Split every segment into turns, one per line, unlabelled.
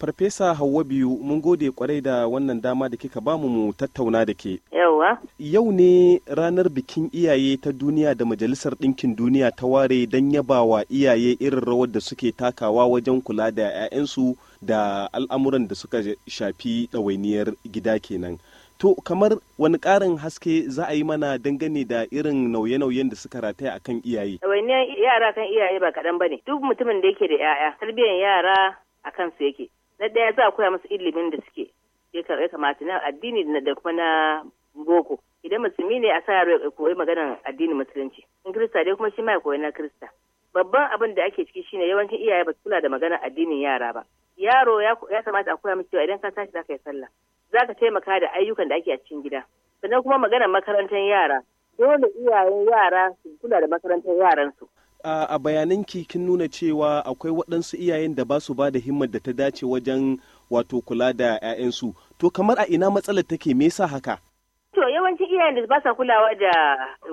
Farfesa Hauwa biyu mun gode kwarai da wannan dama da kika bamu mu tattauna da ke. Yauwa. Yau ne ranar bikin iyaye ta duniya da Majalisar Ɗinkin Duniya ta ware don yaba wa iyaye irin rawar da suke takawa wajen kula da 'ya'yansu da al'amuran da suka shafi ɗawainiyar gida kenan. To kamar wani ƙarin haske za a yi mana dangane da irin nauye-nauyen da suka rataya akan iyaye.
Ɗawainiyar yara kan iyaye ba kaɗan ba ne. Duk mutumin da yake da 'ya'ya, tarbiyyar yara a kansu yake. na ɗaya za a koya musu ilimin da suke ya kamata na addini da kuma na boko idan musulmi ne a sa yaro ya koyi maganar addinin musulunci in kirista dai kuma shi ma ya koyi na kirista babban abin da ake ciki shine yawancin iyaye ba su kula da maganar addinin yara ba yaro ya kamata a koya musu cewa idan ka tashi za ka yi sallah za ka taimaka da ayyukan da ake a cikin gida sannan kuma maganar makarantar yara dole iyayen yara su kula da makarantar yaransu
a bayanan ki kin nuna cewa akwai waɗansu iyayen da ba su ba da himmar da ta dace wajen wato kula da 'ya'yansu to kamar a ina matsalar take me yasa haka to
yawancin iyayen da ba sa kulawa da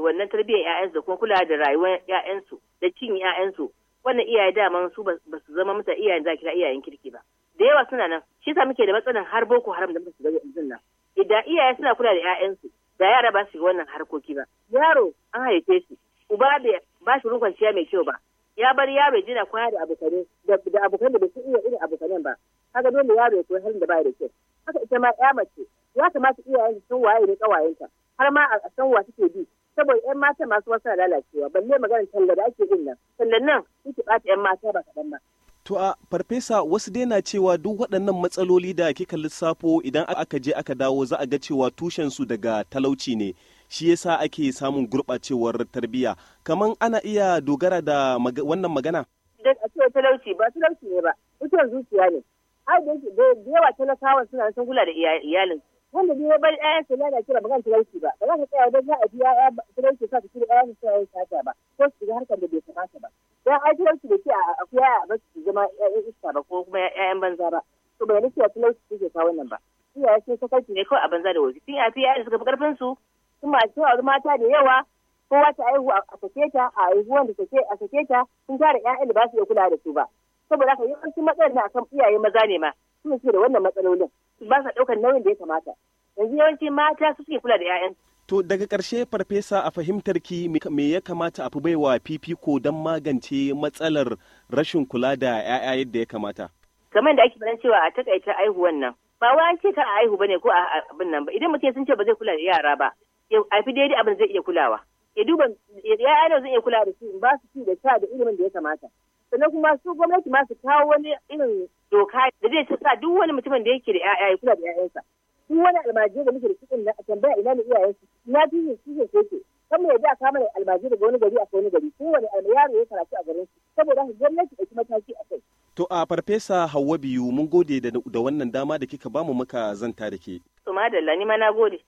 wannan tarbiyyar 'ya'yansu da kuma kulawa da rayuwar 'ya'yansu da cin 'ya'yansu wannan iyaye daman su ba su zama masa iyayen za kira iyayen kirki ba da yawa suna nan shi yasa muke da matsalan har boko haram da muke da yanzu nan idan iyaye suna kula da 'ya'yansu da yara ba su yi wannan harkoki ba yaro an haife shi uba bai ba shi rukun kwanciya mai kyau ba ya bar yaro jina kwana da abokanai da abokan da ba su iya irin abokanan ba kaga dole yaro ya koyi halin da ba da kyau haka ita ma ya mace ya kamata iyayen su san waye ne kawayenta har ma a san wa suke bi saboda yan mata masu wasu lalacewa balle magana talla da ake yin nan tallan nan suke bata yan mata ba kaɗan ba
To a farfesa wasu dai na cewa duk waɗannan matsaloli da kika lissafo idan aka je aka dawo za a ga cewa tushen su daga talauci ne. shi yasa ake samun gurɓacewar tarbiyya Kamar ana iya dogara da wannan magana
dan a cewa talauci ba talauci ne ba mutuwar zuciya ne har da yake da yawa talakawa suna sun kula da iyalin wanda bai ya 'ya'yan su lada kira ba kan talauci ba ba za ka tsaya wajen za a biya talauci sa ka kira ƴaƴansa sa ya sata ba ko su shiga harkar da bai kamata ba dan ai talauci da ke a kuya ba su zama ƴaƴan iska ba ko kuma ƴaƴan banza ba to bai nufi a talauci suke kawo nan ba iyaye sun sakarci ne kawai a banza da waje tun yafi ƴaƴan suka fi karfin su sun masu auri mata da yawa kowa ta aihu a sake ta a aihuwan da sake a sake ta sun tara ƴaƴan da ba su iya kula da su ba saboda haka yawancin matsalar na akan iyaye maza ne ma suna ce da wannan matsalolin ba sa ɗaukar nauyin da ya kamata yanzu yawanci mata su suke kula da
ƴaƴan To daga ƙarshe farfesa a fahimtar ki me ya kamata a fi baiwa fifiko don magance matsalar rashin kula da 'ya'ya yadda ya kamata?
Kamar da ake faɗan cewa a takaita aihuwan nan. Ba wa ce ka a aihu bane ko a abin nan ba idan mutum sun ce ba zai kula da yara ba ya haifi daidai abin da zai iya kulawa ya duba ya yi zai iya kula da su ba su ci da sha da ilimin da ya kamata sannan kuma su gwamnati ma su kawo wani irin doka da zai sa duk wani mutumin da yake da ya'ya ya kula da ya'yansa duk wani almajiri da muke da cikin na tambaya ina ne iyayensu na fiye su ke soke kan mu yadda kama da almajiri daga wani gari a wani gari wani yaro ya karatu a garin su saboda haka gwamnati ɗauki mataki a kai.
To a farfesa Hauwa biyu mun gode da wannan dama da kika bamu muka zanta da ke.
To madalla ni ma na gode.